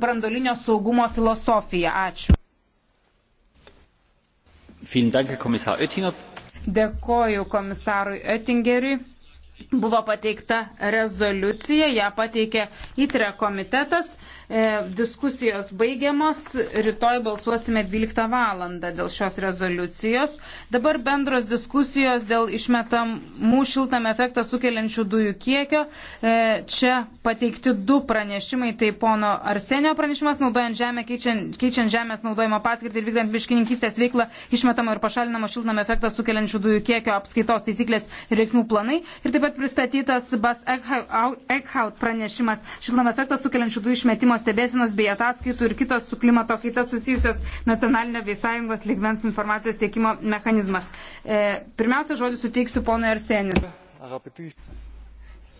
brandolinio saugumo filosofija. Ačiū. Dėkoju komisarui Oettingeriui. Buvo pateikta rezoliucija, ją pateikė ITRE komitetas. E, diskusijos baigiamos, rytoj balsuosime 12 valandą dėl šios rezoliucijos. Dabar bendros diskusijos dėl išmetamų šiltam efektą sukeliančių dujų kiekio. E, čia pateikti du pranešimai, tai pono Arsenio pranešimas, naudojant žemę, keičiant, keičiant žemės naudojimo paskirtį ir vykdant miškininkystės veiklą, išmetamo ir pašalinamo šiltam efektą sukeliančių dujų kiekio apskaitos taisyklės ir veiksmų planai. Ir taip pat pristatytas Bas Eckhout pranešimas šiltam efektą sukeliančių dujų išmetimo tyrimo stebėsinos bei ataskaitų ir kitos su klimato kaita susijusios nacionalinio bei sąjungos ligmens informacijos tiekimo mechanizmas. E, pirmiausia, žodį suteiksiu ponui Arsenis.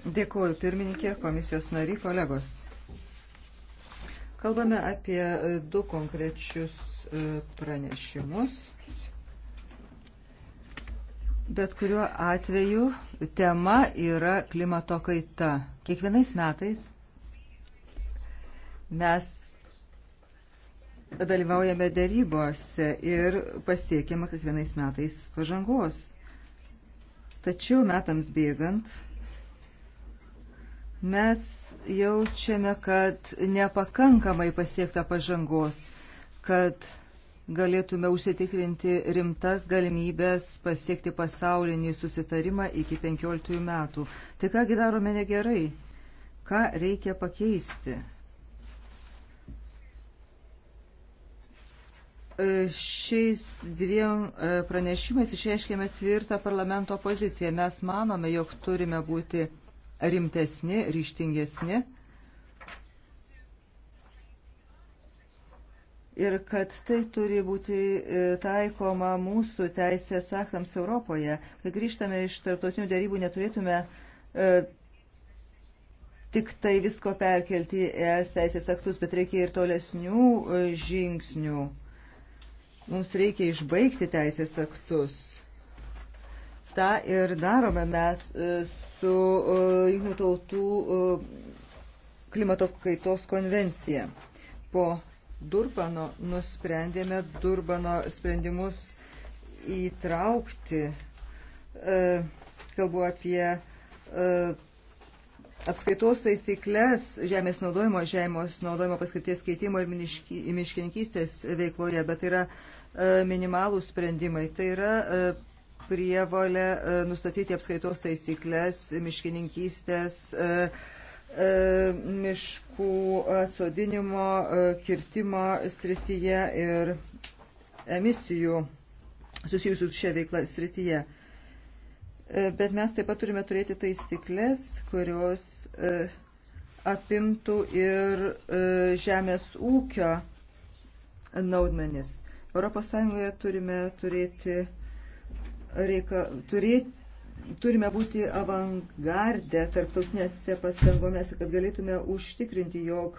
Dėkuoju pirmininkė, komisijos nariai, kolegos. Kalbame apie e, du konkrečius e, pranešimus. Bet kuriuo atveju tema yra klimato kaita. Kiekvienais metais Mes dalyvaujame darybose ir pasiekiama kiekvienais metais pažangos. Tačiau metams bėgant mes jaučiame, kad nepakankamai pasiekta pažangos, kad galėtume užsitikrinti rimtas galimybės pasiekti pasaulinį susitarimą iki 15 metų. Tai kągi darome negerai? Ką reikia pakeisti? E, šiais dviem e, pranešimais išreiškėme tvirtą parlamento poziciją. Mes manome, jog turime būti rimtesni, ryštingesni ir kad tai turi būti e, taikoma mūsų teisės aktams Europoje. Kai grįžtame iš tarptautinių dėrybų, neturėtume tik tai visko perkelti į es teisės aktus, bet reikia ir tolesnių žingsnių Mums reikia išbaigti teisės aktus. Ta ir darome mes e, su e, Junktinių tautų e, klimato kaitos konvencija. Po Durbano nusprendėme Durbano sprendimus įtraukti. Kalbu apie apskaitos taisyklės žemės naudojimo, žemės naudojimo paskirties keitimo ir miškininkystės veikloje, bet tai yra uh, E, minimalų sprendimai. Tai yra e, prievolė e, nustatyti apskaitos taisyklės miškininkystės miškų atsodinimo, kirtimo srityje ir emisijų susijusių su šia veikla srityje. Bet mes taip pat turime turėti taisyklės, kurios apimtų ir žemės ūkio naudmenis. Europos Sąjungoje turime turėti, reika, turėti turime būti avangardę tarptautinėse pastangomis, kad galėtume užtikrinti, jog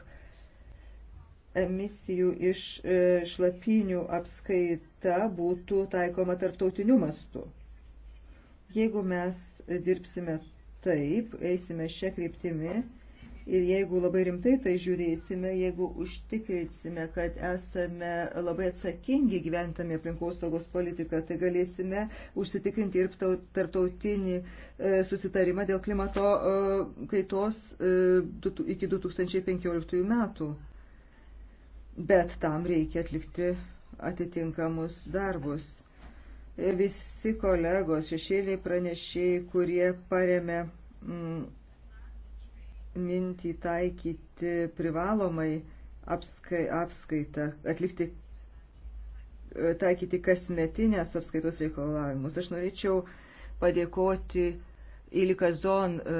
emisijų iš e, šlapinių apskaita būtų taikoma tarptautiniu mastu. Jeigu mes dirbsime taip, eisime šią kryptimį, Ir jeigu labai rimtai tai žiūrėsime, jeigu užtikrinsime, kad esame labai atsakingi gyventami aplinkos saugos politiką, tai galėsime užsitikrinti ir tarptautinį e, susitarimą dėl klimato e, kaitos e, iki 2015 metų. Bet tam reikia atlikti atitinkamus darbus visi kolegos, šešėliai pranešėjai, kurie paremė mm, mintį taikyti privalomai apskai, apskaitą, atlikti, e, taikyti kasmetinės apskaitos reikalavimus. Aš norėčiau padėkoti Ilikazon e,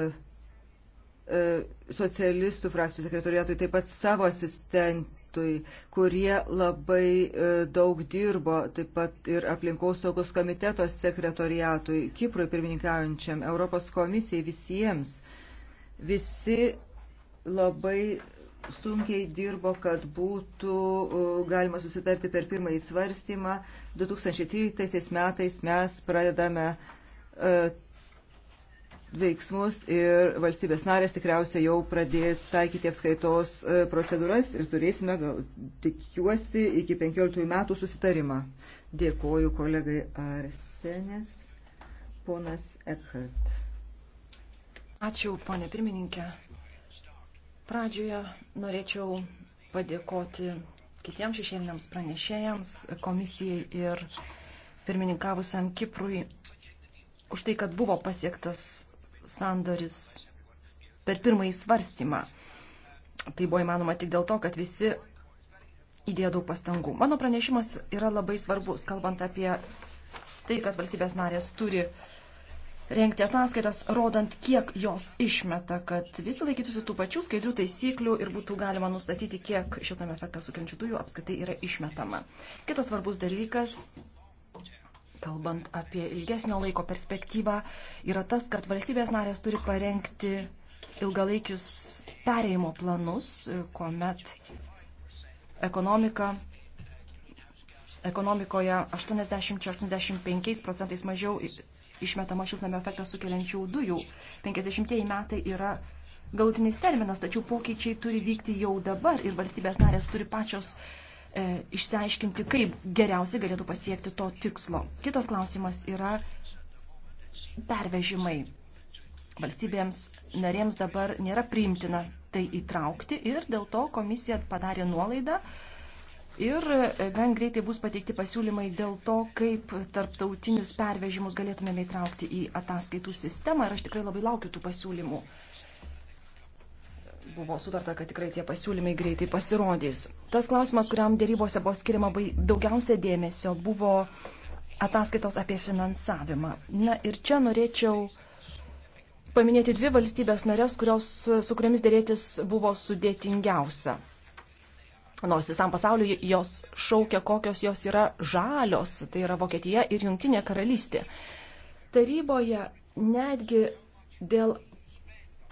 e, socialistų frakcijų sekretoriatui, taip pat savo asistentui, kurie labai daug dirbo, taip pat ir aplinkos saugos komitetos sekretoriatui, Kiprui pirmininkaujančiam, Europos komisijai visiems Visi labai sunkiai dirbo, kad būtų e, galima susitarti per pirmąjį svarstymą. 2013 metais mes pradedame e, veiksmus ir valstybės narės tikriausiai jau pradės taikyti apskaitos e, procedūras ir turėsime, gal tikiuosi, iki 15 metų susitarimą. Dėkoju kolegai Arsenės, ponas Eckhart. Ačiū, ponė pirmininkė. Pradžioje norėčiau padėkoti kitiems šešėliniams pranešėjams, komisijai ir pirmininkavusiam Kiprui už tai, kad buvo pasiektas sandoris per pirmąjį svarstymą. Tai buvo įmanoma tik dėl to, kad visi įdėjo daug pastangų. Mano pranešimas yra labai svarbus, kalbant apie tai, kad valstybės narės turi uh, rengti ataskaitas, rodant, kiek jos išmeta, kad visi laikytųsi tų pačių skaidrių taisyklių ir būtų galima nustatyti, kiek šiltame efektą sukeliančių dujų apskaitai yra išmetama. Kitas svarbus dalykas, kalbant apie ilgesnio laiko perspektyvą, yra tas, kad valstybės narės turi parengti ilgalaikius perėjimo planus, kuomet ekonomika ekonomikoje 80-85 procentais mažiau išmetama šiltnamio efektą sukeliančių dujų. 50 metai yra galutinis terminas, tačiau pokyčiai turi vykti jau dabar ir valstybės narės turi pačios e, išsiaiškinti, kaip geriausiai galėtų pasiekti to tikslo. Kitas klausimas yra pervežimai. Valstybėms narėms dabar nėra priimtina tai įtraukti ir dėl to komisija padarė nuolaidą, e, Ir e, gan greitai bus pateikti pasiūlymai dėl to, kaip tarptautinius pervežimus galėtumėme įtraukti į ataskaitų sistemą. Ir aš tikrai labai laukiu tų pasiūlymų. Buvo sutarta, kad tikrai tie pasiūlymai greitai pasirodys. Tas klausimas, kuriam dėrybose buvo skiriama daugiausia dėmesio, buvo ataskaitos apie finansavimą. Na ir čia norėčiau paminėti dvi valstybės narės, kurios, su kuriamis dėrėtis buvo sudėtingiausia nors visam pasauliu jos šaukia, kokios jos yra žalios, tai yra Vokietija ir Junktinė karalystė. Taryboje netgi dėl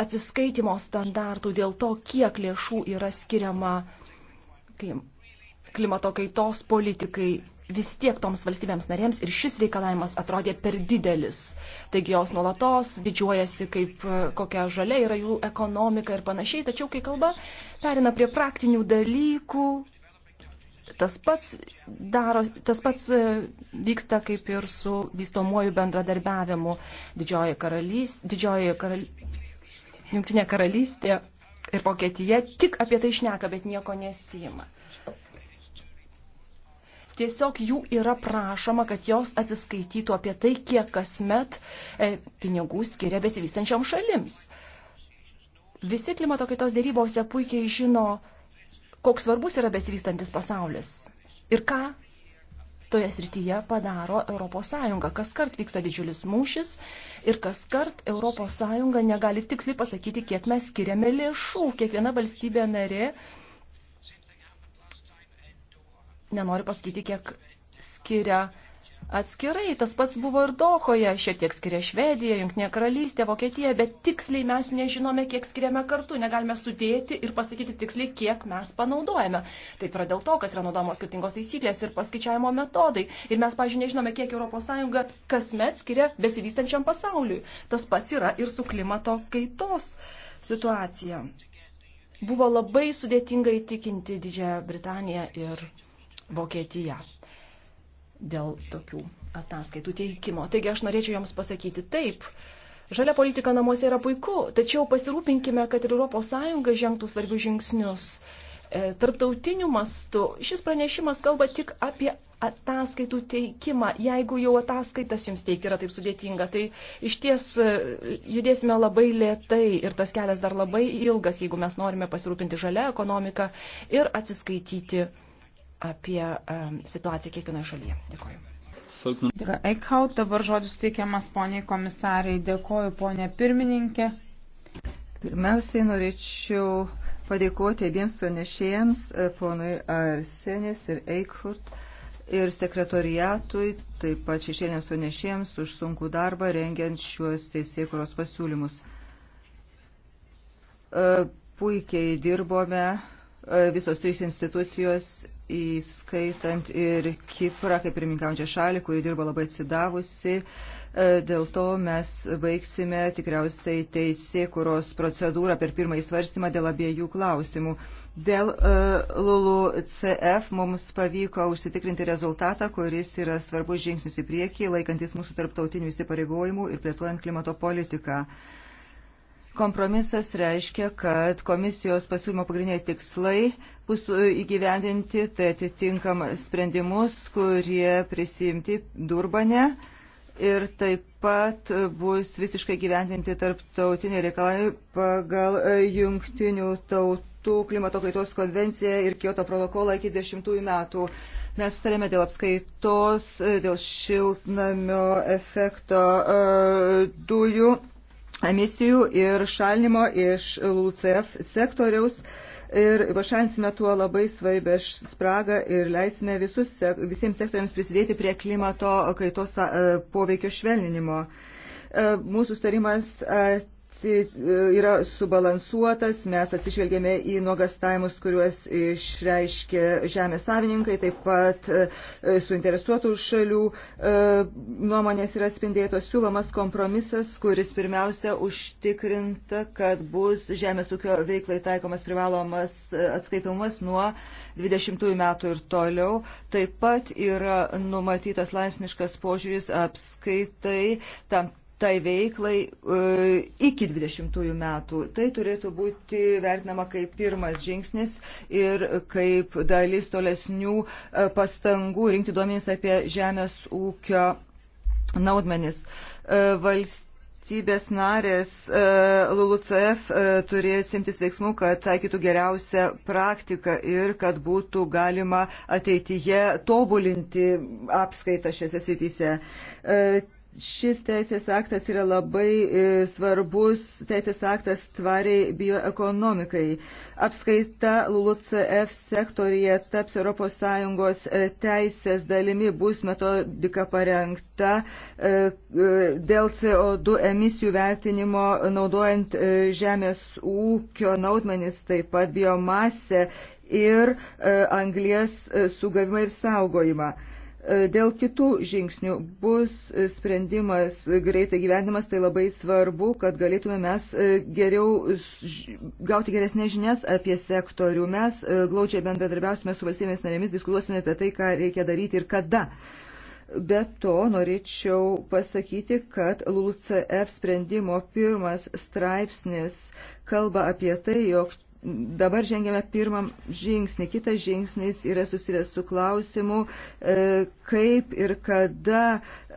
atsiskaitimo standartų, dėl to, kiek lėšų yra skiriama klimato kaitos politikai vis tiek toms valstybėms narėms ir šis reikalavimas atrodė per didelis. Taigi jos nuolatos didžiuojasi, kaip e, kokia žalia yra jų ekonomika ir panašiai, tačiau kai kalba perina prie praktinių dalykų, tas pats, daro, tas pats e, vyksta kaip ir su vystomuoju bendradarbiavimu. Didžioji, karalys, didžioji karal, jungtinė karalystė ir Vokietija tik apie tai šneka, bet nieko nesima tiesiog jų yra prašoma, kad jos atsiskaitytų apie tai, kiek kasmet e, pinigų skiria besivystančiom šalims. Visi klimato kaitos dėrybose puikiai žino, koks svarbus yra besivystantis pasaulis ir ką toje srityje padaro ES. Kas kart vyksta didžiulis mūšis ir kas kart ES negali tiksliai pasakyti, kiek mes skiriame lėšų. Kiekviena valstybė narė nenoriu pasakyti, kiek skiria atskirai. Tas pats buvo ir Dohoje, šiek tiek skiria Švedija, Junktinė karalystė, Vokietija, bet tiksliai mes nežinome, kiek skiriame kartu, negalime sudėti ir pasakyti tiksliai, kiek mes panaudojame. Taip yra dėl to, kad yra naudojamos skirtingos taisyklės ir paskaičiavimo metodai. Ir mes, pažiūrėjau, nežinome, kiek ES kasmet skiria besivystančiam pasauliui. Tas pats yra ir su klimato kaitos situacija. Buvo labai sudėtinga įtikinti Didžiąją Britaniją ir Vokietija dėl tokių ataskaitų teikimo. Taigi aš norėčiau Jums pasakyti taip. Žalia politika namuose yra puiku, tačiau pasirūpinkime, kad ir ES žengtų svarbius žingsnius. E, tarptautiniu mastu šis pranešimas kalba tik apie ataskaitų teikimą. Jeigu jau ataskaitas jums teikti yra taip sudėtinga, tai iš ties e, judėsime labai lėtai ir tas kelias dar labai ilgas, jeigu mes norime pasirūpinti žalia ekonomika ir atsiskaityti apie um, situaciją kiekvienoje šalyje. Dėkuoju. Eikhaut, dabar žodis teikiamas poniai komisariai. Dėkoju, ponė pirmininkė. Pirmiausiai norėčiau padėkoti abiems pranešėjams, e, ponui Arsenės ir Eikhurt, ir sekretoriatui, taip pat šešėlėms pranešėjams už sunkų darbą rengiant šiuos teisėkuros pasiūlymus. E, puikiai dirbome E, visos trys institucijos, įskaitant ir Kiprą, kaip pirmininkaujančią šalį, kuri dirba labai atsidavusi. E, dėl to mes baigsime tikriausiai teisė, kuros procedūrą per pirmąjį svarstymą dėl abiejų klausimų. Dėl e, LULU CF mums pavyko užsitikrinti rezultatą, kuris yra svarbus žingsnis į priekį, laikantis mūsų tarptautinių įsipareigojimų ir plėtuojant klimato politiką. Kompromisas reiškia, kad komisijos pasiūlymo pagrindiniai tikslai bus e, įgyvendinti, tai atitinkam sprendimus, kurie prisimti Durbane ir taip pat bus visiškai gyvendinti tarptautiniai reikalai pagal e, jungtinių tautų klimato kaitos konvenciją ir Kyoto protokolą iki dešimtųjų metų. Mes sutarėme dėl apskaitos, e, dėl šiltnamio efekto dujų emisijų ir šalinimo iš LUCF sektoriaus ir pašalinsime tuo labai svarbę spragą ir leisime visus, visiems sektoriams prisidėti prie klimato kaitos poveikio švelninimo. E, mūsų starimas E, yra subalansuotas, mes atsižvelgėme į nuogastavimus, kuriuos išreiškė žemės savininkai, taip pat e, suinteresuotų šalių e, nuomonės yra atspindėtos siūlomas kompromisas, kuris pirmiausia užtikrinta, kad bus žemės ūkio veiklai taikomas privalomas atskaitomas nuo 20 metų ir toliau. Taip pat yra numatytas laipsniškas požiūris apskaitai tam tai veiklai e, iki 20 metų. Tai turėtų būti vertinama kaip pirmas žingsnis ir kaip dalis tolesnių e, pastangų rinkti duomenys apie žemės ūkio naudmenis. Valst e, valstybės narės LULUCF turės imtis veiksmų, kad taikytų geriausią praktiką ir kad būtų galima ateityje tobulinti apskaitą šiose srityse. Šis teisės aktas yra labai e, svarbus teisės aktas tvariai bioekonomikai. Apskaita LULUCF sektorija taps ES e, teisės dalimi, bus metodika parengta e, dėl CO2 emisijų vertinimo naudojant žemės ūkio naudmenis, taip pat biomasę ir anglės sugavimą ir saugojimą. Dėl kitų žingsnių bus sprendimas greitai gyvenimas, tai labai svarbu, kad galėtume mes e, geriau gauti geresnės žinias apie sektorių. Mes e, glaudžiai bendradarbiausime su valstybės narėmis, diskutuosime apie tai, ką reikia daryti ir kada. Be to norėčiau pasakyti, kad LULCF sprendimo pirmas straipsnis kalba apie tai, jog dabar žengėme pirmam žingsnį. Kitas žingsnis yra susijęs su klausimu, e, kaip ir kada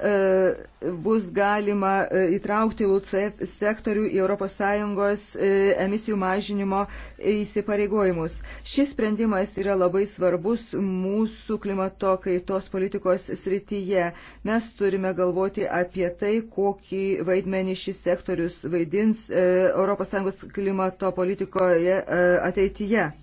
E, bus galima e, įtraukti LUCF sektorių į ES e, emisijų mažinimo įsipareigojimus. Šis sprendimas yra labai svarbus mūsų klimato kaitos politikos srityje. Mes turime galvoti apie tai, kokį vaidmenį šis sektorius vaidins ES klimato politikoje ateityje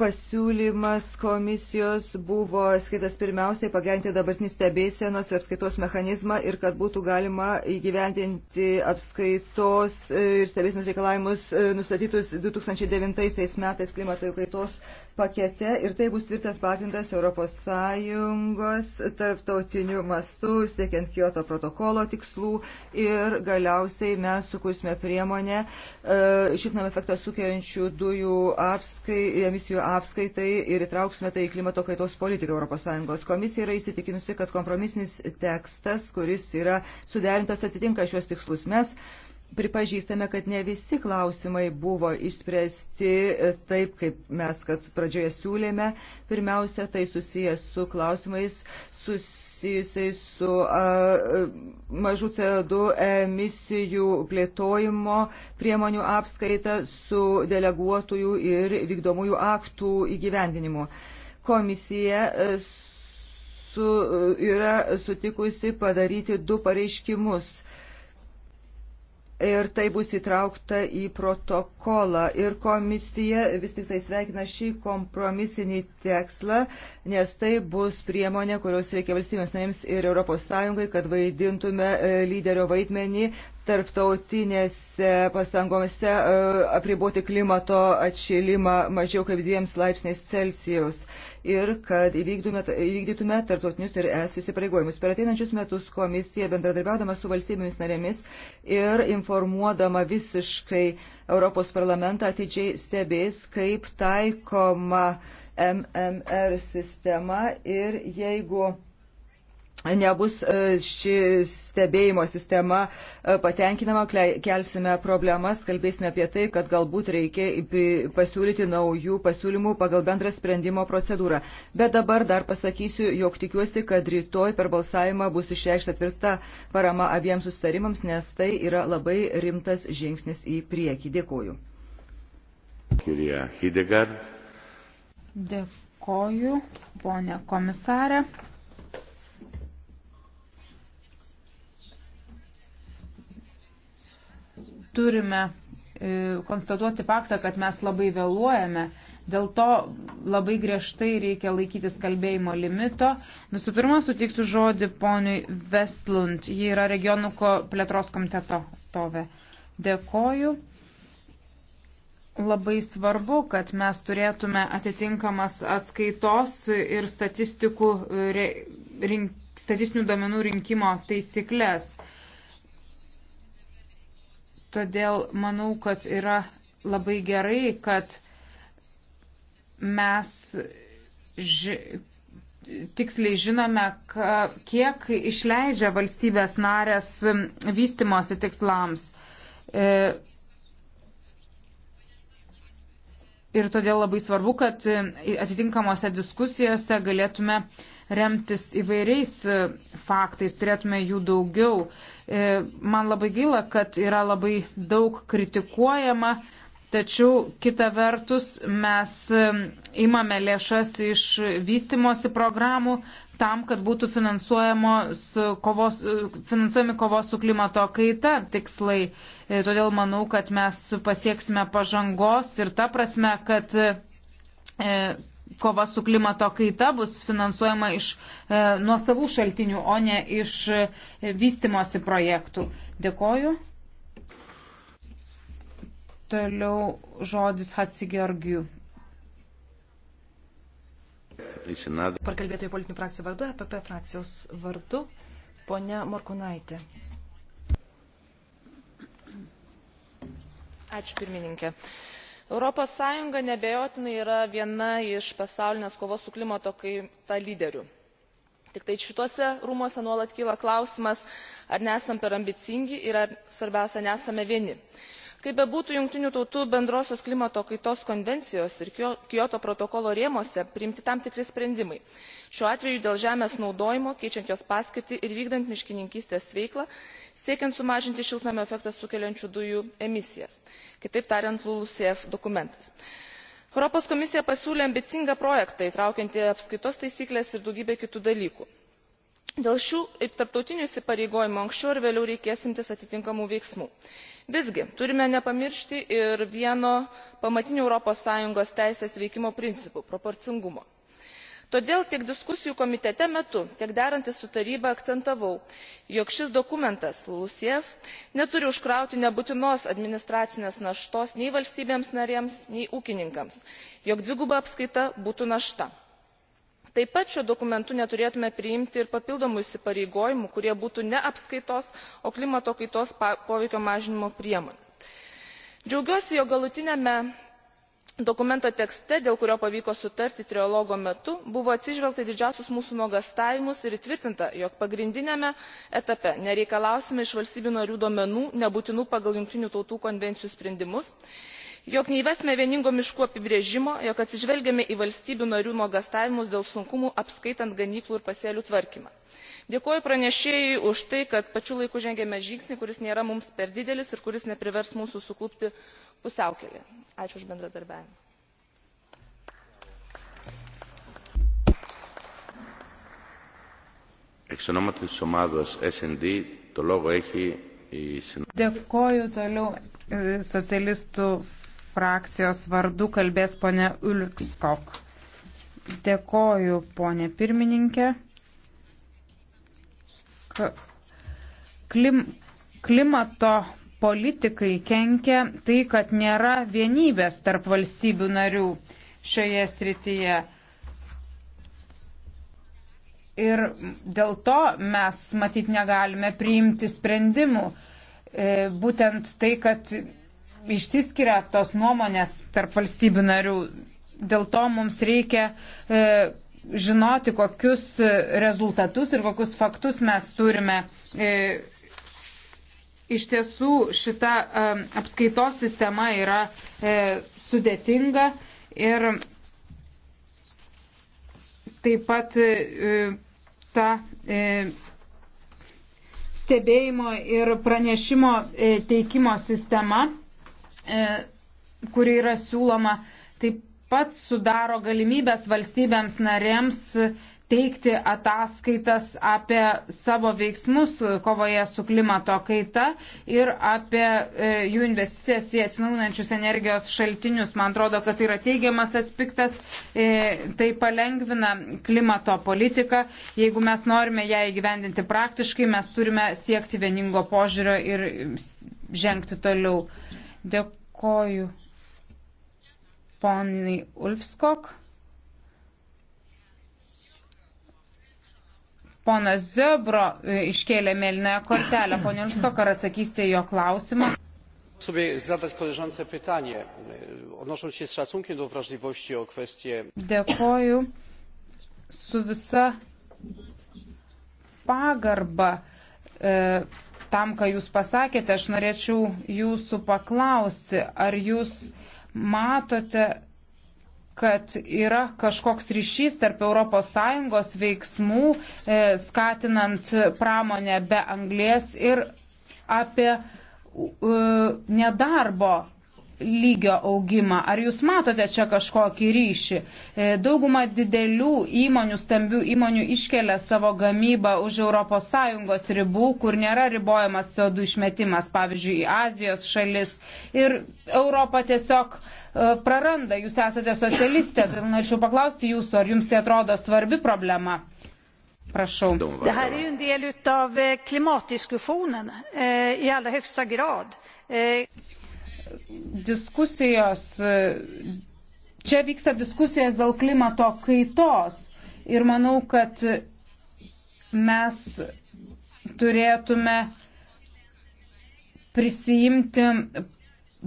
pasiūlymas komisijos buvo skirtas pirmiausiai pagerinti dabartinį stebėsenos ir apskaitos mechanizmą ir kad būtų galima įgyvendinti apskaitos ir stebėsenos reikalavimus e, nustatytus 2009 metais klimato kaitos pakete ir tai bus tvirtas pagrindas ES tarptautiniu mastu, siekiant Kyoto protokolo tikslų ir galiausiai mes sukursime priemonę e, šitnam efektą sukeliančių dujų apskai, emisijų apskaitai ir įtrauksime tai į klimato kaitos politiką ES. Komisija yra įsitikinusi, kad kompromisinis tekstas, kuris yra suderintas, atitinka šiuos tikslus. Mes pripažįstame, kad ne visi klausimai buvo išspręsti taip, kaip mes, kad pradžioje siūlėme. Pirmiausia, tai susijęs su klausimais susijusiais su a, mažų CO2 emisijų plėtojimo priemonių apskaita, su deleguotųjų ir vykdomųjų aktų įgyvendinimu. Komisija su, yra sutikusi padaryti du pareiškimus – ir tai bus įtraukta į protokolą. Ir komisija vis tik tai sveikina šį kompromisinį tekslą, nes tai bus priemonė, kurios reikia valstybės narėms ir ES, kad vaidintume e, lyderio vaidmenį tarptautinėse pastangomise e, apriboti klimato atšilimą mažiau kaip dviems laipsniais Celsijaus ir kad įvykdume, įvykdytume tarptautinius ir es įsipareigojimus. Per ateinančius metus komisija bendradarbiaudama su valstybėmis narėmis ir informuodama visiškai Europos parlamentą atidžiai stebės, kaip taikoma MMR sistema ir jeigu nebus e, ši stebėjimo sistema e, patenkinama, kelsime problemas, kalbėsime apie tai, kad galbūt reikia pasiūlyti naujų pasiūlymų pagal bendrą sprendimo procedūrą. Bet dabar dar pasakysiu, jog tikiuosi, kad rytoj per balsavimą bus išreikšta tvirta parama abiems sustarimams, nes tai yra labai rimtas žingsnis į priekį. Dėkuoju. Dėkuoju, ponė komisarė. turime e, konstatuoti faktą, kad mes labai vėluojame. Dėl to labai griežtai reikia laikytis kalbėjimo limito. Visų pirma, sutiksiu žodį poniui Vestlund. Ji yra regionų plėtros komiteto atstovė. Dėkoju. Labai svarbu, kad mes turėtume atitinkamas atskaitos ir statistikų, rink, statistinių domenų rinkimo taisyklės. Todėl manau, kad yra labai gerai, kad mes ži tiksliai žinome, kiek išleidžia valstybės narės vystimosi tikslams. E, ir todėl labai svarbu, kad atitinkamose diskusijose galėtume uh, remtis įvairiais e, faktais, turėtume jų daugiau. E, man labai gaila, kad yra labai daug kritikuojama, tačiau kita vertus mes e, imame lėšas iš vystimosi programų tam, kad būtų kovos, finansuojami kovos su klimato kaita tikslai. Todėl manau, kad mes pasieksime pažangos ir ta prasme, kad kova su klimato kaita bus finansuojama iš e, nuosavų šaltinių, o ne iš e, vystimosi projektų. Dėkoju. Toliau žodis Hatsigeorgiu. Parkalbėtojų politinių frakcijų vardu, EPP frakcijos vardu, ponia Morkunaitė. Ačiū pirmininkė. E, europos sąjunga neabejotinai yra viena iš pasaulinės kovos su klimato kaita lyderių tik tai šiuose rūmuose nuolat kyla klausimas ar nesame per ambicingi ir ar svarbiausia nesame vieni. kaip bebūtų jungtinių tautų bendrosios klimato kaitos konvencijos ir kioto protokolo rėmuose priimti tam tikri sprendimai šiuo atveju dėl žemės naudojimo keičiant jos paskirtį ir vykdant miškininkystės veiklą siekiant sumažinti šiltnamio efektą sukeliančių dujų emisijas kitaip tariant lulucf dokumentas. europos komisija pasiūlė ambicingą projektą įtraukiantį apskaitos taisykles ir daugybę kitų dalykų. dėl šių tarptautinių įsipareigojimų anksčiau ar vėliau reikės imtis atitinkamų veiksmų. visgi turime nepamiršti ir vieno pamatinių europos sąjungos teisės veikimo principų proporcingumo todėl tiek diskusijų komitete metu tiek derantis su taryba akcentavau jog šis dokumentas lulucf neturi užkrauti nebūtinos administracinės naštos nei valstybėms narėms nei ūkininkams jog dviguba apskaita būtų našta. taip pat šiuo dokumentu neturėtume priimti ir papildomų įsipareigojimų kurie būtų ne apskaitos o klimato kaitos poveikio mažinimo priemonės. džiaugiuosi jog galutiniame dokumento tekste dėl kurio pavyko sutarti trialogo metu buvo atsižvelgta į didžiausius mūsų nuogąstavimus ir įtvirtinta jog pagrindiniame etape nereikalausime iš valstybių narių duomenų nebūtinų pagal jungtinių tautų konvencijų sprendimus jog neįvesime vieningo miškų apibrėžimo jog atsižvelgiame į valstybių narių nuogąstavimus dėl sunkumų apskaitant ganyklų ir pasėlių tvarkymą. dėkoju pranešėjui už tai kad pačiu laiku žengėme žingsnį kuris nėra mums per didelis ir kuris neprivers mūsų suklupti pusiaukelėje. ačiū už bendradarbiavimą. Dėkoju toliau e, socialistų frakcijos vardu kalbės ponė Ulskok. Dėkoju, ponė pirmininkė. Klim, klimato politikai kenkia tai, kad nėra vienybės tarp valstybių narių šioje srityje. Ir dėl to mes matyt negalime priimti sprendimų. E, būtent tai, kad išsiskiria tos nuomonės tarp valstybių narių. Dėl to mums reikia e, žinoti, kokius rezultatus ir kokius faktus mes turime. E, iš tiesų šita e, apskaitos sistema yra e, sudėtinga ir taip pat e, e ta. E, stebėjimo ir pranešimo e, teikimo sistema E, kuri yra siūloma, taip pat sudaro galimybės valstybėms narėms teikti ataskaitas apie savo veiksmus kovoje su klimato kaita ir apie e, jų investicijas į atsinaujinančius energijos šaltinius. Man atrodo, kad tai yra teigiamas aspektas, e, tai palengvina klimato politiką. Jeigu mes norime ją įgyvendinti praktiškai, mes turime siekti vieningo požiūrio ir žengti toliau. Dėkoju poniai Ulfskok. Ponas Zebro e, iškėlė mėlynąją kortelę. Pone Ulfskok, ar atsakysite jo klausimą? sobie zadać koleżance pytanie e, odnosząc się z szacunkiem do wrażliwości o kwestie Dėkoju su visa pagarba e, tam, ką jūs pasakėte, aš norėčiau jūsų paklausti, ar jūs matote, kad yra kažkoks ryšys tarp ES veiksmų, e, skatinant pramonę be anglės ir apie e, nedarbo lygio augimą. Ar jūs matote čia kažkokį ryšį? E, dauguma didelių įmonių, stambių įmonių iškelia savo gamybą už ES ribų, kur nėra ribojamas CO2 išmetimas, pavyzdžiui, į Azijos šalis. Ir Europa tiesiog e, praranda. Jūs esate socialistė, tai norėčiau paklausti jūsų, ar jums tai atrodo svarbi problema? Prašau. Det här är ju en del av eh, klimatdiskussionen eh, i allra högsta grad. Eh, diskusijos, čia vyksta diskusijos dėl klimato kaitos ir manau, kad mes turėtume prisijimti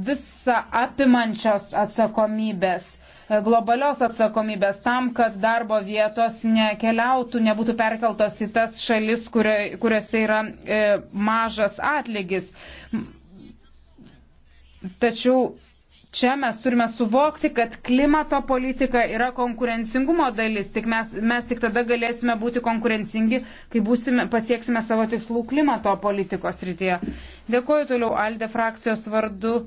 visą apimančios atsakomybės globalios atsakomybės tam, kad darbo vietos nekeliautų, nebūtų perkeltos į tas šalis, kurio, kuriuose yra e, mažas atlygis. Tačiau čia mes turime suvokti, kad klimato politika yra konkurencingumo dalis. Tik mes, mes tik tada galėsime būti konkurencingi, kai būsime, pasieksime savo tikslų klimato politikos rytyje. Dėkuoju toliau Alde frakcijos vardu e,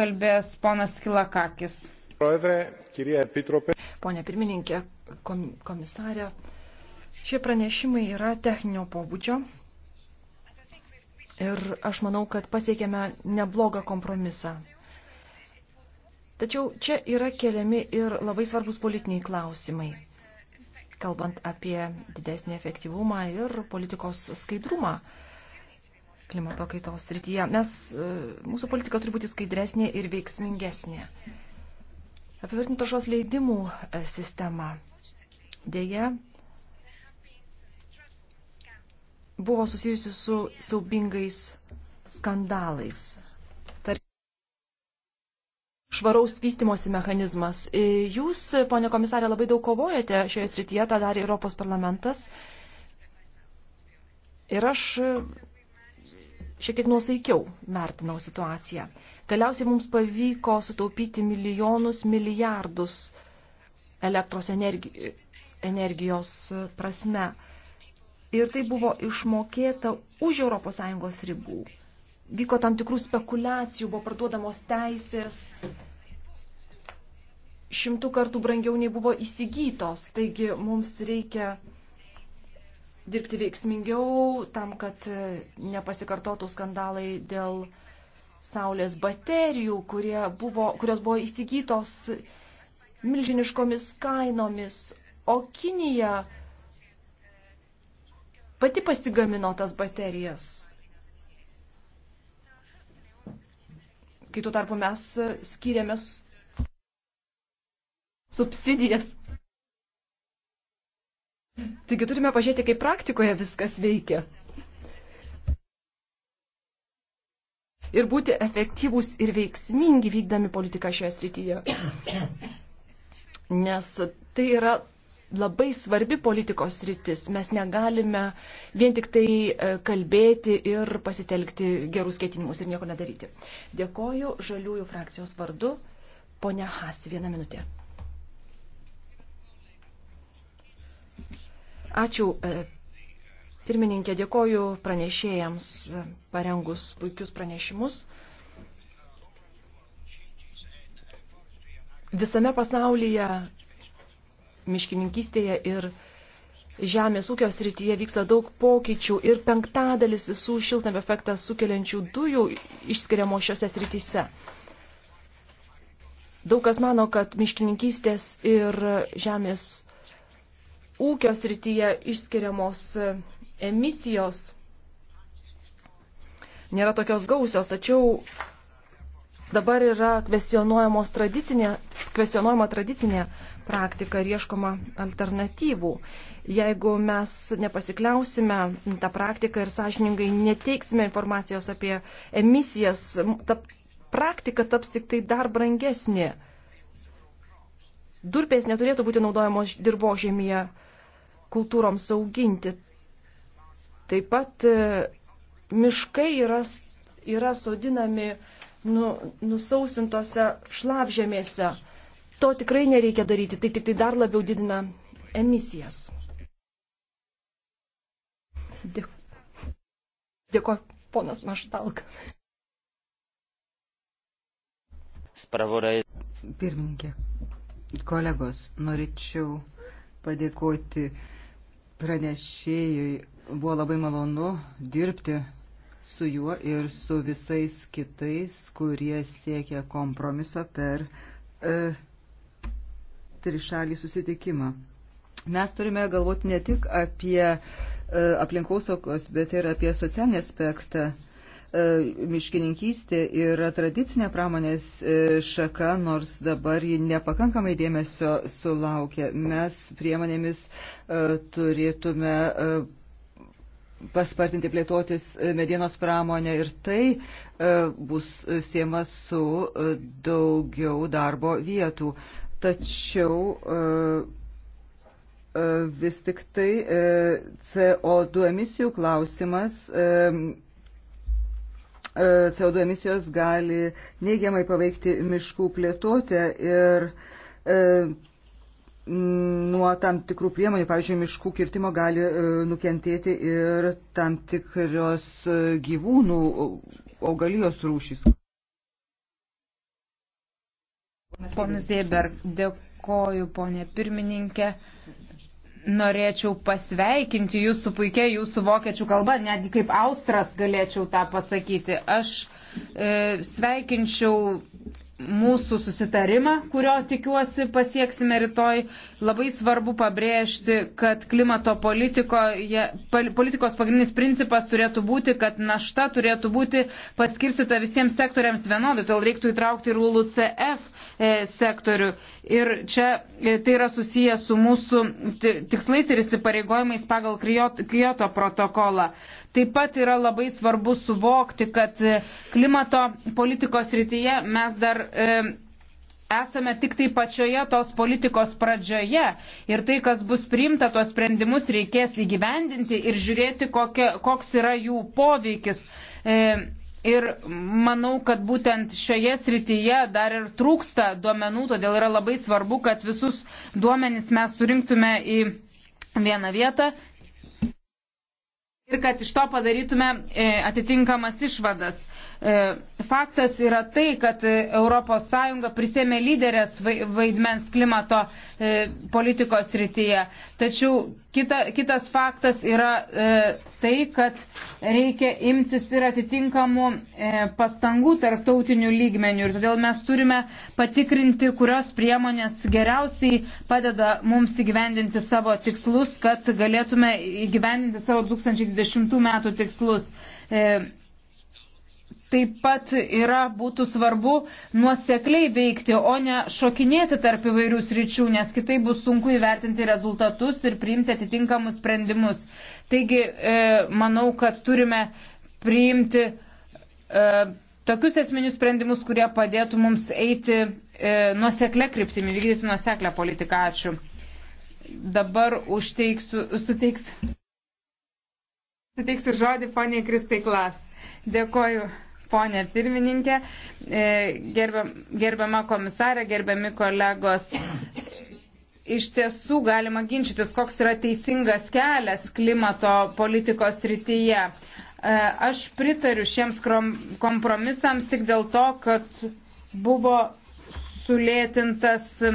kalbės ponas Kilakakis. Pone pirmininkė, komisarė, šie pranešimai yra techninio pobūdžio, Ir aš manau, kad pasiekėme neblogą kompromisą. Tačiau čia yra keliami ir labai svarbus politiniai klausimai, kalbant apie didesnį efektyvumą ir politikos skaidrumą klimato kaitos srityje. Mes, e, mūsų politika turi būti skaidresnė ir veiksmingesnė. Apivirtinto šios leidimų e, sistema. Dėje, buvo susijusi su saubingais skandalais. Tar... Švaraus vystimosi mechanizmas. E, jūs, ponė komisarė, labai daug kovojate šioje srityje, tą darė Europos parlamentas. Ir aš šiek tiek nuosaikiau vertinau situaciją. Galiausiai mums pavyko sutaupyti milijonus, milijardus elektros energi energijos prasme ir tai buvo išmokėta už ES ribų. Vyko tam tikrų spekulacijų, buvo parduodamos teisės šimtų kartų brangiau nei buvo įsigytos. Taigi mums reikia dirbti veiksmingiau tam, kad nepasikartotų skandalai dėl saulės baterijų, buvo, kurios buvo įsigytos milžiniškomis kainomis, o Kinija pati pasigamino tas baterijas. Kai tuo tarpu mes skiriamės subsidijas. Taigi turime pažiūrėti, kaip praktikoje viskas veikia. Ir būti efektyvūs ir veiksmingi vykdami politiką šioje srityje. Nes tai yra labai svarbi politikos rytis. Mes negalime vien tik tai e, kalbėti ir pasitelkti gerus ketinimus ir nieko nedaryti. Dėkoju žaliųjų frakcijos vardu. Pone Has, vieną minutę. Ačiū. E, pirmininkė, dėkoju pranešėjams e, parengus puikius pranešimus. Visame pasaulyje miškininkystėje ir žemės ūkio srityje vyksta daug pokyčių ir penktadalis visų šiltnamio efektą sukeliančių dujų išskiriamo šiose srityse. Daug kas mano, kad miškininkystės ir žemės ūkio srityje išskiriamos emisijos nėra tokios gausios, tačiau dabar yra kvestionuojama tradicinė praktiką ir ieškoma alternatyvų. Jeigu mes nepasikliausime tą praktiką ir sąžiningai neteiksime informacijos apie emisijas, ta praktika taps tik tai dar brangesnė. Durpės neturėtų būti naudojamos dirbožėmėje kultūroms auginti. Taip pat e, miškai yra, yra sodinami nu, nusausintose šlapžėmėse To tikrai nereikia daryti, tai tik tai dar labiau didina emisijas. Dėkui. Dėkui, ponas Maštalka. Spravodai. Pirmininkė, kolegos, norėčiau padėkoti pranešėjui. Buvo labai malonu dirbti su juo ir su visais kitais, kurie siekia kompromiso per e, trišalį susitikimą. Mes turime galvoti ne tik apie e, aplinkosaugos, bet ir apie socialinį aspektą. E, miškininkystė yra tradicinė pramonės e, šaka, nors dabar ji nepakankamai dėmesio sulaukia. Mes priemonėmis turėtume paspartinti plėtotis medienos pramonę ir tai bus siema su daugiau darbo vietų tačiau e, e, vis tik tai e, CO2 emisijų klausimas CO2 emisijos gali neigiamai paveikti miškų plėtotę ir nuo tam tikrų priemonių, pavyzdžiui, miškų kirtimo gali nukentėti ir tam tikrios gyvūnų augalijos rūšys. Ponas Zieber, dėkoju, ponė pirmininkė. Norėčiau pasveikinti jūsų puikiai, jūsų vokiečių kalba, netgi kaip austras galėčiau tą pasakyti. Aš e, sveikinčiau mūsų susitarimą, kurio tikiuosi pasieksime rytoj. Labai svarbu pabrėžti, kad klimato politiko, politikos pagrindinis principas turėtų būti, kad našta turėtų būti paskirstita visiems sektoriams vienodai, todėl reiktų įtraukti ir LULUCF e, sektorių. Ir čia e, tai yra susiję su mūsų tikslais ir įsipareigojimais pagal Kyoto protokolą. Taip pat yra labai svarbu suvokti, kad e, klimato politikos rytyje mes dar e, esame tik tai pačioje tos politikos pradžioje ir tai, kas bus priimta, tuos sprendimus reikės įgyvendinti ir žiūrėti, kokia, koks yra jų poveikis. E, Ir manau, kad būtent šioje srityje dar ir trūksta duomenų, todėl yra labai svarbu, kad visus duomenys mes surinktume į vieną vietą ir kad iš to padarytume e, atitinkamas išvadas. E, faktas yra tai, kad ES prisėmė lyderės vaidmens klimato e, politikos rytyje. Tačiau kita, kitas faktas yra e, tai, kad reikia imtis ir atitinkamų pastangų tarptautinių lygmenių. Ir todėl mes turime patikrinti, kurios priemonės geriausiai padeda mums įgyvendinti savo tikslus, kad galėtume įgyvendinti savo 2020 metų tikslus taip pat yra, būtų svarbu nuosekliai veikti, o ne šokinėti tarp įvairių sričių, nes kitai bus sunku įvertinti rezultatus ir priimti atitinkamus sprendimus. Taigi, e, manau, kad turime priimti e, tokius esminius sprendimus, kurie padėtų mums eiti e, nuoseklę kryptimį, vykdyti nuoseklę politiką. Ačiū. Dabar užteiksiu, suteiksiu. Suteiksiu žodį poniai Kristai Klas. Dėkoju ponė pirmininkė, e, gerbiama komisarė, gerbiami kolegos. Iš tiesų galima ginčytis, koks yra teisingas kelias klimato politikos rytyje. E, aš pritariu šiems kompromisams tik dėl to, kad buvo sulėtintas e,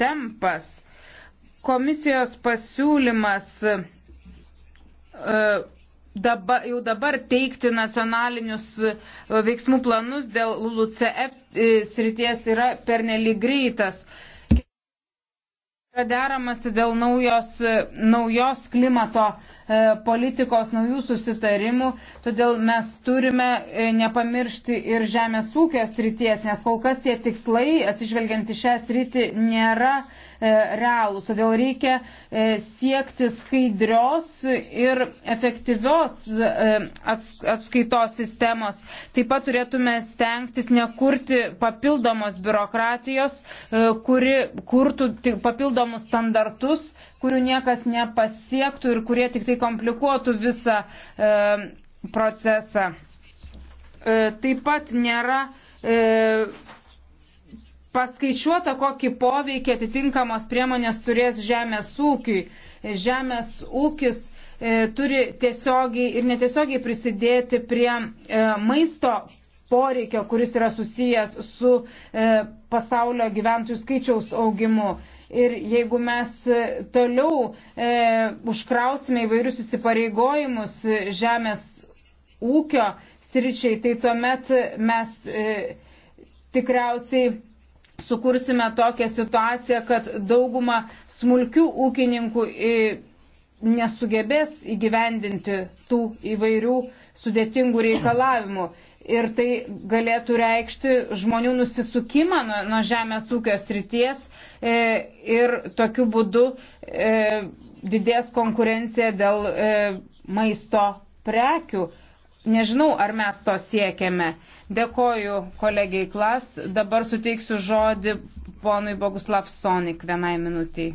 tempas. Komisijos pasiūlymas e, daba, jau dabar teikti nacionalinius e, veiksmų planus dėl LUCF e, srities yra pernelyg greitas. Yra deramasi dėl naujos, e, naujos klimato politikos, naujų susitarimų, todėl mes turime nepamiršti ir žemės ūkio srities, nes kol kas tie tikslai, atsižvelgiant į šią sritį, nėra uh, E, realūs. Todėl reikia e, siekti skaidrios ir efektyvios e, atskaitos sistemos. Taip pat turėtume stengtis nekurti papildomos biurokratijos, kuri kurtų papildomus standartus, kurių niekas nepasiektų ir kurie tik tai komplikuotų visą e, procesą. E, taip pat nėra e, paskaičiuota, kokį poveikį atitinkamos priemonės turės žemės ūkiui. Žemės ūkis e, turi tiesiogiai ir netiesiogiai prisidėti prie e, maisto poreikio, kuris yra susijęs su e, pasaulio gyventojų skaičiaus augimu. Ir jeigu mes e, toliau e, užkrausime įvairius įsipareigojimus e, žemės ūkio sričiai, tai tuomet mes e, tikriausiai sukursime tokią situaciją, kad dauguma smulkių ūkininkų nesugebės įgyvendinti tų įvairių sudėtingų reikalavimų. Ir tai galėtų reikšti žmonių nusisukimą nuo, nuo žemės ūkio srities e, ir tokiu būdu e, didės konkurencija dėl e, maisto prekių. E, Nežinau, ar mes to siekiame. Dėkoju kolegiai Klas. Dabar suteiksiu žodį ponui Boguslav Sonik vienai minutiai.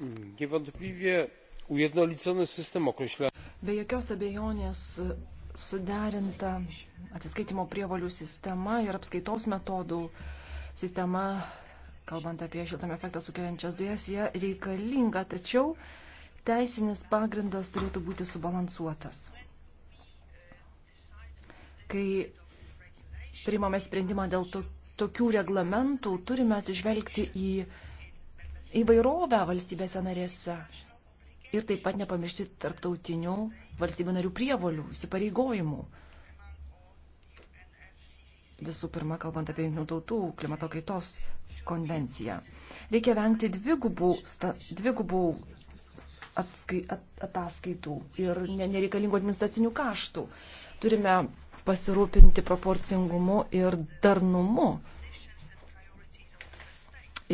Be jokios abejonės suderinta atsiskaitimo prievalių sistema ir apskaitos metodų sistema, kalbant apie šiltame efektą sukeliančias dujas, jie reikalinga, tačiau teisinis pagrindas turėtų būti subalansuotas kai priimame sprendimą dėl to, tokių reglamentų, turime atsižvelgti į įvairovę valstybėse narėse ir taip pat nepamiršti tarptautinių valstybių narių prievolių, įsipareigojimų. Visų pirma, kalbant apie jungtinių tautų klimato kaitos konvenciją. Reikia vengti dvigubų, sta, dvigubų atskai, at, ataskaitų ir nereikalingų administracinių kaštų. Turime pasirūpinti proporcingumu ir darnumu.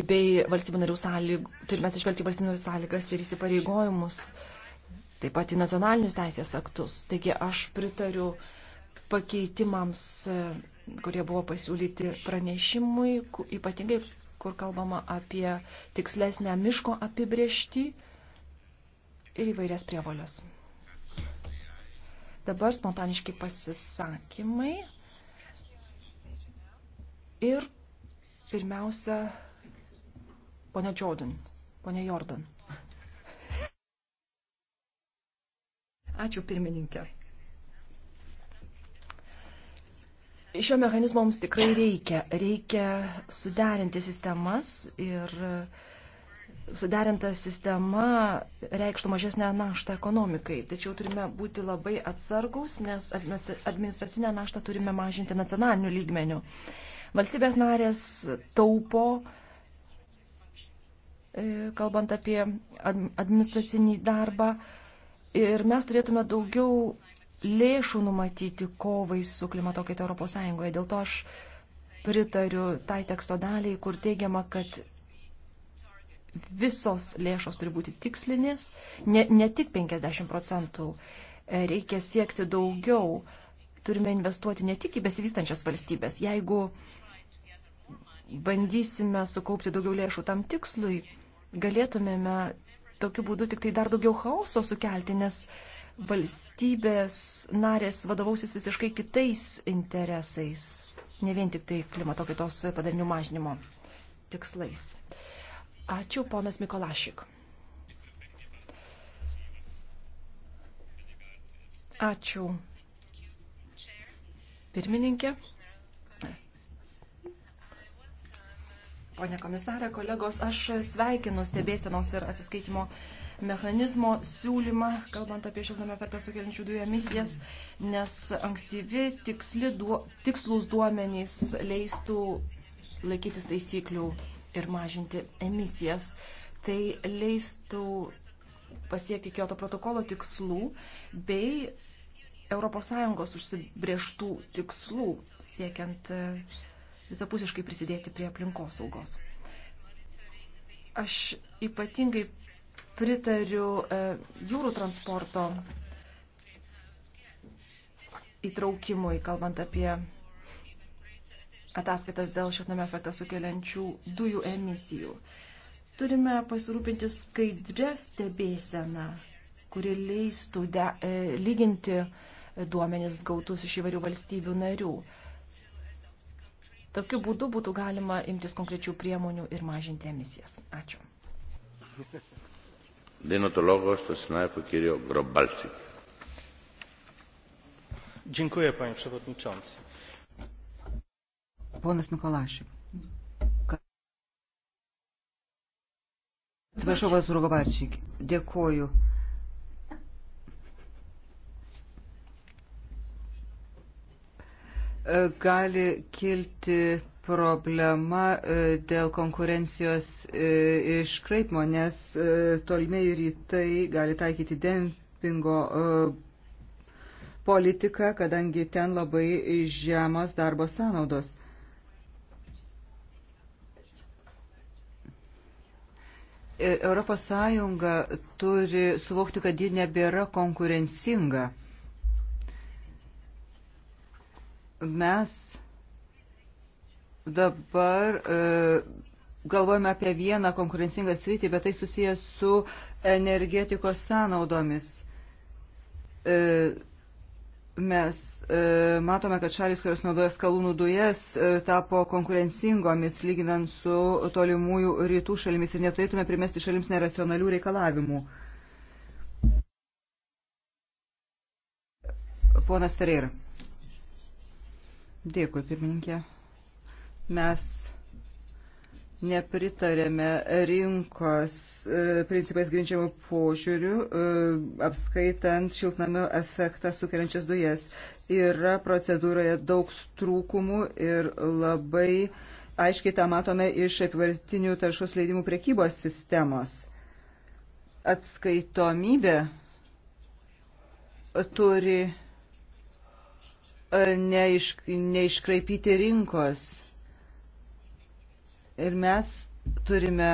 Bei valstybių narių sąlygų, turime atsižvelgti valstybių narių sąlygas ir įsipareigojimus, taip pat į nacionalinius teisės aktus. Taigi aš pritariu pakeitimams, kurie buvo pasiūlyti pranešimui, ypatingai kur kalbama apie tikslesnę miško apibriešti ir įvairias prievolės. Dabar spontaniški pasisakymai. Ir pirmiausia, ponia Jordan, ponia Jordan. Ačiū pirmininkė. Šio mechanizmo mums tikrai reikia. Reikia suderinti sistemas ir uh, suderinta sistema reikštų mažesnę naštą ekonomikai. Tačiau turime būti labai atsargus, nes administracinę naštą turime mažinti nacionaliniu lygmeniu. Valstybės narės taupo, e, kalbant apie administracinį darbą, ir mes turėtume daugiau lėšų numatyti kovai su klimato kaita Europos Sąjungoje. Dėl to aš pritariu tai teksto daliai, kur teigiama, kad visos lėšos turi būti tikslinės, ne, ne tik 50 procentų, e, reikia siekti daugiau, turime investuoti ne tik į besivystančias valstybės. Jeigu bandysime sukaupti daugiau lėšų tam tikslui, galėtumėme tokiu būdu tik tai dar daugiau chaoso sukelti, nes valstybės narės vadovausis visiškai kitais interesais, ne vien tik tai klimato kaitos padarinių mažinimo tikslais. Ačiū, ponas Mikolašik. Ačiū, pirmininkė. Pone komisarė, kolegos, aš sveikinu stebėsenos ir atsiskaitimo mechanizmo siūlymą, kalbant apie šiltnamio efektą sukeliančių dujų emisijas, nes ankstyvi tiksli, duo, tikslus duomenys leistų laikytis taisyklių ir mažinti emisijas. Tai leistų pasiekti Kyoto protokolo tikslų bei ES užsibrieštų tikslų, siekiant e, visapusiškai prisidėti prie aplinkos saugos. Aš ypatingai pritariu e, jūrų transporto įtraukimui, kalbant apie ataskaitas dėl šiltnamio efektą sukeliančių dujų emisijų. Turime pasirūpinti skaidrę stebėseną, kuri leistų de, e, lyginti duomenis gautus iš įvairių valstybių narių. Tokiu būdu būtų galima imtis konkrečių priemonių ir mažinti emisijas. Ačiū. Δίνω το λόγο στον συνάδελφο κύριο Γκρομπάλτσικ. Dziękuję panie przewodniczący ponas Mikolašik. Atsiprašau, vas Rugovarčyk. Dėkuoju. E, gali kilti problema e, dėl konkurencijos e, iškraipimo, nes tolimieji rytai gali taikyti dempingo politiką, kadangi ten labai žemos darbo sąnaudos. E, Europos Sąjunga turi suvokti, kad ji nebėra konkurencinga. Mes dabar e, galvojame apie vieną konkurencingą sritį, bet tai susijęs su energetikos sąnaudomis. E, Mes e, matome, kad šalis, kurios naudoja skalūnų dujas, e, tapo konkurencingomis lyginant su tolimųjų rytų šalimis ir neturėtume primesti šalims neracionalių reikalavimų. Ponas Ferreira. Dėkui, pirmininkė. Mes nepritarėme rinkos e, principais grindžiamų požiūrių, e, apskaitant šiltnamio efektą sukeliančias dujas. Yra procedūroje daug trūkumų ir labai aiškiai tą matome iš apivartinių taršos leidimų prekybos sistemos. Atskaitomybė turi e, neišk, neiškraipyti rinkos Ir mes turime,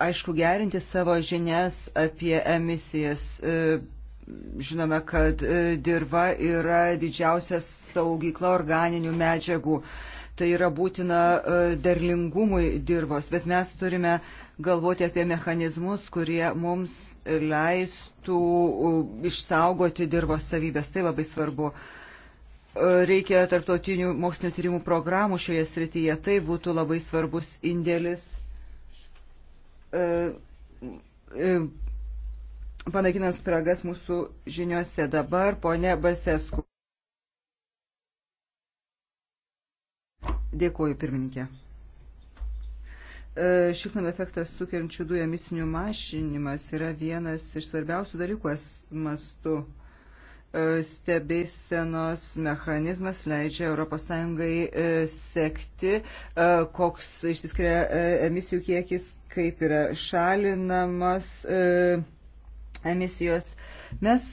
aišku, gerinti savo žinias apie emisijas. E, žinome, kad e, dirba yra didžiausias saugykla organinių medžiagų. Tai yra būtina e, derlingumui dirbos, bet mes turime galvoti apie mechanizmus, kurie mums leistų išsaugoti dirbos savybės. Tai labai svarbu. Uh, reikia tarptautinių mokslinio tyrimų programų šioje srityje. Tai būtų labai svarbus indėlis e, e, panaikinant spragas mūsų žiniuose. Dabar ponė Basesku. Dėkuoju, pirmininkė. E, Šiltnam efektas sukeliančių dujų emisinių mažinimas yra vienas iš svarbiausių dalykų mastu. Mas E, stebėsenos mechanizmas leidžia ES e, sekti, e, koks išsiskiria emisijų kiekis, kaip yra šalinamas emisijos. Mes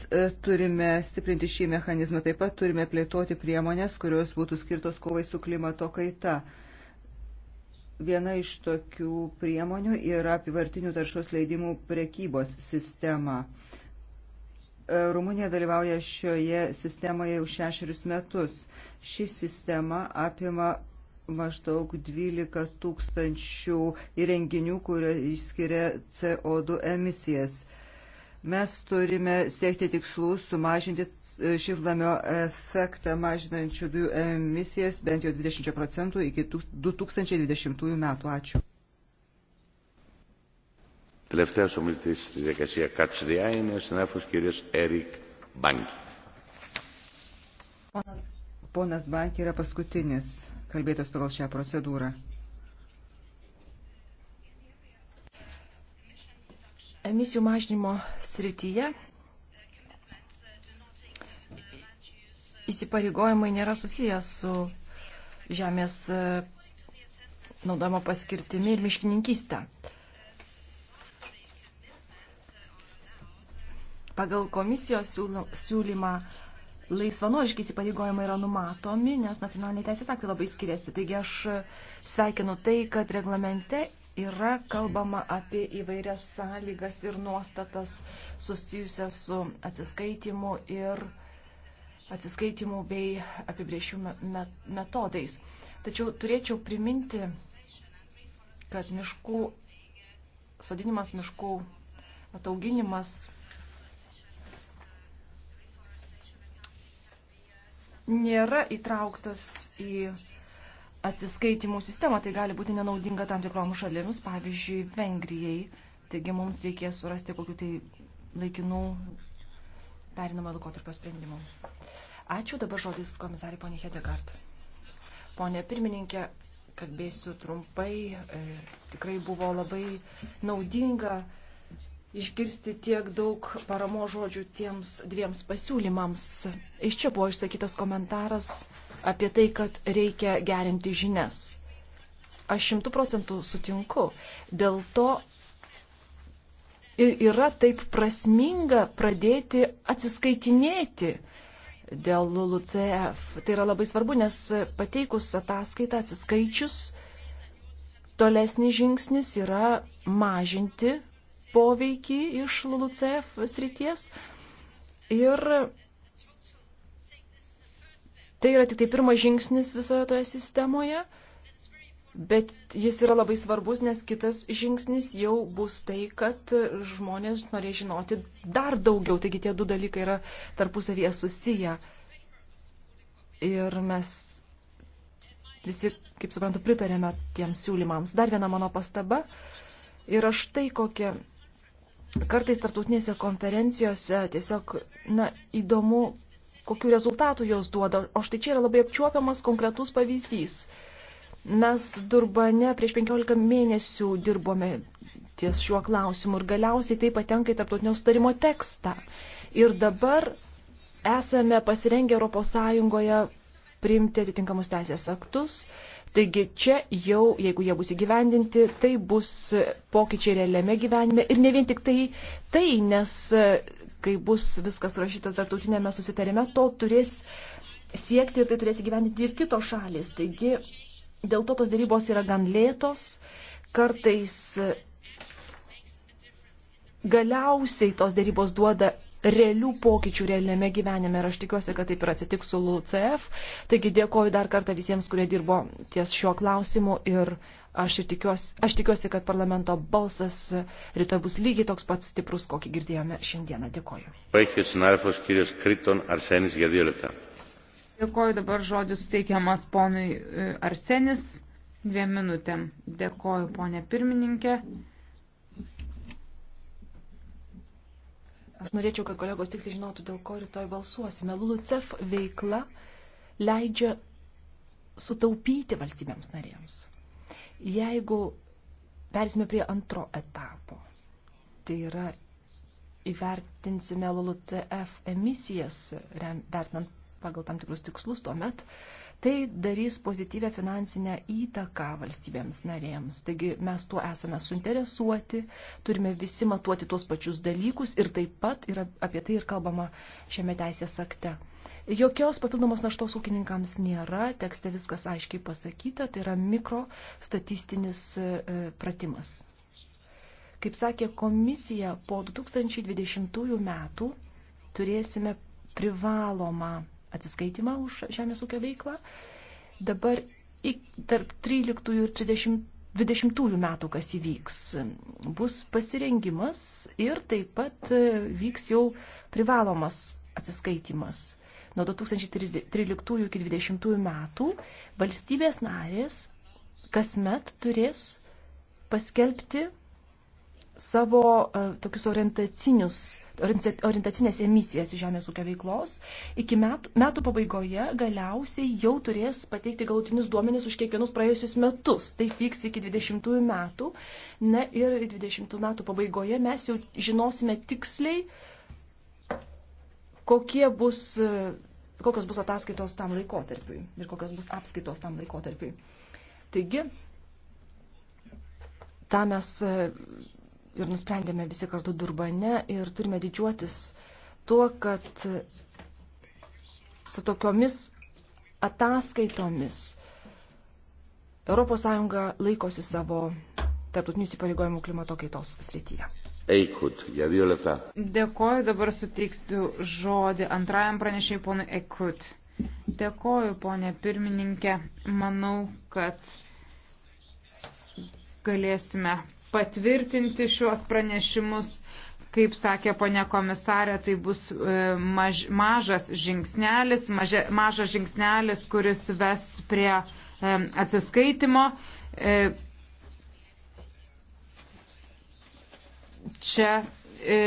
turime stiprinti šį mechanizmą, taip pat turime plėtoti priemonės, kurios būtų skirtos kovai su klimato kaita. Viena iš tokių priemonių yra apivartinių taršos leidimų prekybos sistema. Uh, E, Rumunija dalyvauja šioje sistemoje jau šešerius metus. Ši sistema apima maždaug 12 tūkstančių įrenginių, kurie išskiria CO2 emisijas. Mes turime siekti tikslų sumažinti šiltnamio efektą mažinančių dujų emisijas bent jau 20 procentų iki 2020 metų. Ačiū. Τελευταίος ομιλητής στη διαδικασία Κατσριά είναι ο συνάδελφος κύριος Έρικ Μπάνκι. Ponas, ponas Bank yra paskutinis kalbėtas pagal šią procedūrą. Emisijų mažinimo srityje įsipareigojimai nėra susijęs su žemės e, naudojimo paskirtimi ir miškininkystė. Pagal komisijos siūlymą laisvanoriški įsipareigojimai yra numatomi, nes nacionaliniai teisės aktai labai skiriasi. Taigi aš sveikinu tai, kad reglamente yra kalbama apie įvairias sąlygas ir nuostatas susijusias su atsiskaitimu ir atsiskaitimų bei apibriešių metodais. Tačiau turėčiau priminti, kad miškų, sodinimas miškų atauginimas nėra įtrauktas į atsiskaitimų sistemą, tai gali būti nenaudinga tam tikroms šalims, pavyzdžiui, Vengrijai. Taigi mums reikės surasti kokiu tai laikinų perinamą laikotarpio sprendimų. Ačiū dabar žodis komisarį ponė Hedegard. Pone pirmininkė, kalbėsiu trumpai, e, tikrai buvo labai naudinga e, išgirsti tiek daug paramo žodžių tiems dviems pasiūlymams. Iš čia buvo išsakytas komentaras apie tai, kad reikia gerinti žinias. Aš šimtų procentų sutinku. Dėl to ir yra taip prasminga pradėti atsiskaitinėti dėl LULUCF. Tai yra labai svarbu, nes pateikus ataskaitą atsiskaičius, tolesnis žingsnis yra mažinti poveikį iš LULUCF srities. Ir tai yra tik tai pirmas žingsnis visoje toje sistemoje, bet jis yra labai svarbus, nes kitas žingsnis jau bus tai, kad žmonės norės žinoti dar daugiau. Taigi tie du dalykai yra tarpusavyje susiję. Ir mes visi, kaip suprantu, pritarėme tiems siūlymams. Dar viena mano pastaba yra štai kokia Kartais tartutinėse konferencijose tiesiog, na, įdomu, kokiu rezultatu jos duoda. O štai čia yra labai apčiuopiamas konkretus pavyzdys. Mes Durbane prieš 15 mėnesių dirbome ties šiuo klausimu ir galiausiai tai patenka į tarptautinio sutarimo tekstą. Ir dabar esame pasirengę ES priimti atitinkamus teisės aktus, Taigi čia jau, jeigu jie bus įgyvendinti, tai bus pokyčiai realiame gyvenime ir ne vien tik tai tai, nes e, kai bus viskas rašytas tarptautinėme susitarime, to turės siekti ir tai turės įgyvendinti ir kitos šalis. Taigi dėl to tos dėrybos yra gan lėtos, kartais e, galiausiai tos dėrybos duoda realių pokyčių realiame gyvenime ir aš tikiuosi, kad taip ir atsitiks su LUCF. Taigi dėkoju dar kartą visiems, kurie dirbo ties šiuo klausimu ir aš, ir tikiuosi, aš tikiuosi, kad parlamento balsas rytoj bus lygiai toks pat stiprus, kokį girdėjome šiandieną. Dėkoju. Dėkoju dabar žodis suteikiamas ponui e, Arsenis dviem minutėm. Dėkoju, ponė pirmininkė. Aš norėčiau, kad kolegos tiksliai žinotų, dėl ko rytoj balsuosime. LULUCEF veikla leidžia sutaupyti valstybėms narėms. Jeigu persime prie antro etapo, tai yra įvertinsime LULUCF e emisijas, vertinant pagal tam tikrus tikslus, tuomet uh, Tai darys pozityvę finansinę įtaką valstybėms narėms. Taigi mes tuo esame suinteresuoti, turime visi matuoti tuos pačius dalykus ir taip pat yra apie tai ir kalbama šiame teisės akte. Jokios papildomos naštos ūkininkams nėra, tekste viskas aiškiai pasakyta, tai yra mikro statistinis e, pratimas. Kaip sakė komisija, po 2020 metų turėsime privalomą atsiskaitimą už žemės ūkio veiklą. Dabar tarp 13 ir 30, 20 metų, kas įvyks, bus pasirengimas ir taip pat e, vyks jau privalomas atsiskaitimas. Nuo 2013 iki 2020 metų valstybės narės kasmet turės paskelbti savo e, tokius orientacinius, orientacinės emisijas iš žemės ūkio veiklos. Iki metų, metų pabaigoje galiausiai jau turės pateikti galutinius duomenis už kiekvienus praėjusius metus. Tai vyks iki 20 metų. Na ir 20 metų pabaigoje mes jau žinosime tiksliai, kokie bus e, kokios bus ataskaitos tam laikotarpiui ir kokios bus apskaitos tam laikotarpiui. Taigi, tą mes e, ir nusprendėme visi kartu Durbane ir turime didžiuotis tuo, kad su tokiomis ataskaitomis ES laikosi savo tarptautinių įsipareigojimų klimato kaitos srityje. Eikut, Javioleta. Dėkoju, dabar suteiksiu žodį antrajam pranešėjui, ponui Eikut. Dėkoju, ponė pirmininkė. Manau, kad galėsime patvirtinti šiuos pranešimus. Kaip sakė ponė komisarė, tai bus e, maž, mažas žingsnelis, maža, mažas žingsnelis, kuris ves prie e, atsiskaitimo. E, čia e,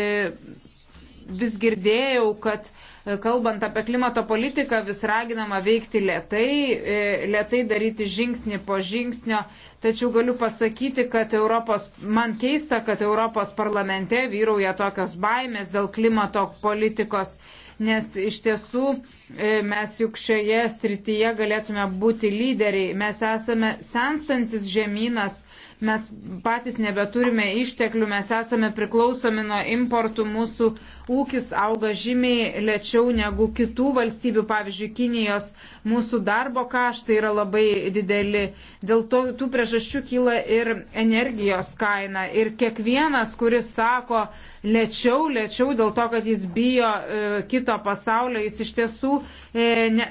vis girdėjau, kad e, kalbant apie klimato politiką, vis raginama veikti lietai, e, lietai daryti žingsnį po žingsnio. Tačiau galiu pasakyti, kad Europos, man keista, kad Europos parlamente vyrauja tokios baimės dėl klimato politikos nes iš tiesų e, mes juk šioje srityje galėtume būti lyderiai. Mes esame senstantis žemynas, mes patys nebeturime išteklių, mes esame priklausomi nuo importų, mūsų ūkis auga žymiai lėčiau negu kitų valstybių, pavyzdžiui, Kinijos, mūsų darbo kaštai yra labai dideli. Dėl to tų priežasčių kyla ir energijos kaina. Ir kiekvienas, kuris sako lėčiau, lėčiau dėl to, kad jis bijo e, kito pasaulio, jis iš tiesų e, ne,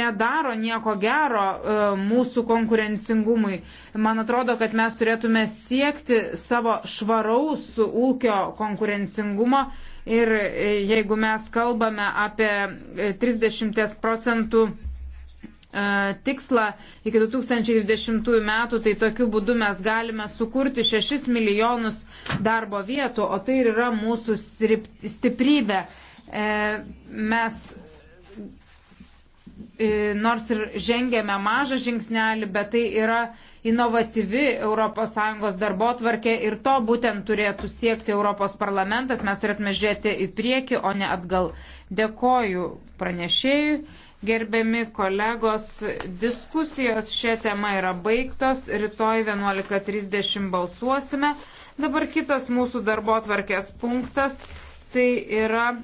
nedaro nieko gero e, mūsų konkurencingumui. Man atrodo, kad mes mes turėtume siekti savo švaraus ūkio konkurencingumo ir e, jeigu mes kalbame apie 30 e, procentų e, tikslą iki 2020 metų, tai tokiu būdu mes galime sukurti 6 milijonus darbo vietų, o tai ir yra mūsų stiprybė. Mes nors ir žengėme mažą žingsnelį, bet tai yra inovatyvi ES darbo tvarkė ir to būtent turėtų siekti Europos parlamentas. Mes turėtume žiūrėti į priekį, o ne atgal. Dėkoju pranešėjui. Gerbiami kolegos, diskusijos šią temą yra baigtos. Rytoj 11.30 balsuosime. Dabar kitas mūsų darbo tvarkės punktas. Tai yra.